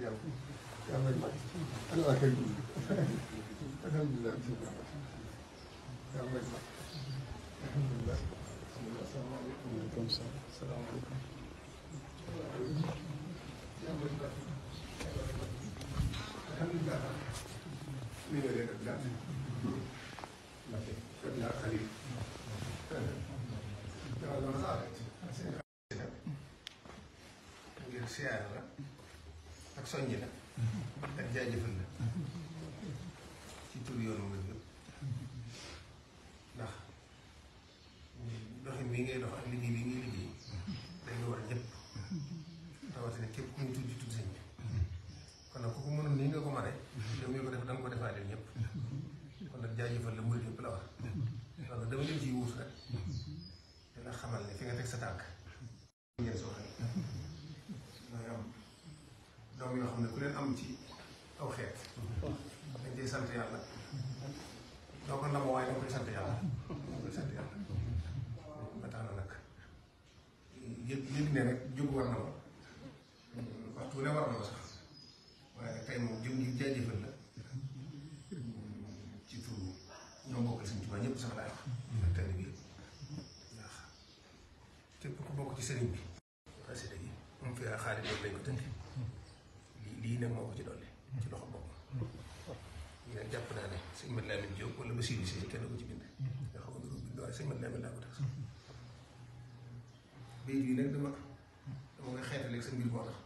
كده الحمد لله الحمد لله السلام عليكم السلام عليكم الحمد لله من غير الله ابن خليل هذا مزارع عندي رسالة ak soññi la mm-hmm. ak jaajëfal la mm-hmm. ci tur yoonu nga yëpp mm-hmm. ndax doxin bii ngay dox bi ngay liggéey day war ñëpp kon nag ku ko mënoon nga ko mare yow mi ko def da nga ko defaale kon nag jaajëfal la mbir yëpp la wax loolu dama leen ciy wuus nag xamal ne fi teg sa tànk ngeen soo xam doom yoo xam ne ku leen am ci aw xeet dañ koy sant yàlla doo koy sant yàlla danga tax na nag yëg yëg war na ma waxtu ne war na ma sax waaye nag tey moom jëm ngir jaajëfal la ci tur ñoo bokkal sëriñ Tuubaa ñëpp sax laay wax ak bi ndax bokk ci sëriñ bi xasida yi moom fi xaalis lañ ko tënk lii nag moo ko ci dolli ci loxo bopp ñu ne jàpp naa ne sëñ Mat Lamin Jóob wala Basiru Si kenn ko ci bind nga xaw nuru bind waaye sëñ Mat Lamin laa ko tax bay lii nag dama dama koy xeetaleeg sa mbir moo tax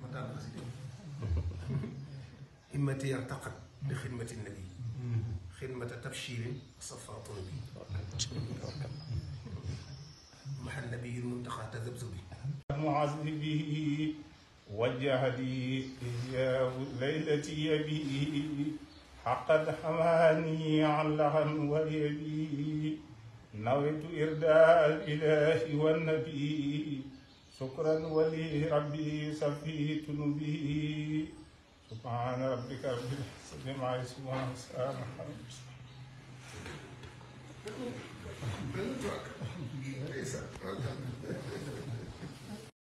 ma tànn ko si dem himmati yartaqat li xidmati nabi xidmata tabshirin safaatuna bi maxa nabi yul muntaxa tazabzubi وجه لي إياه ليلتي يبي حقد حماني علها ويبي نويت إرداء الإله والنبي شكرا ولي ربي سفيت نبي سبحان ربك رب العزة عما يصفون سبحان ربك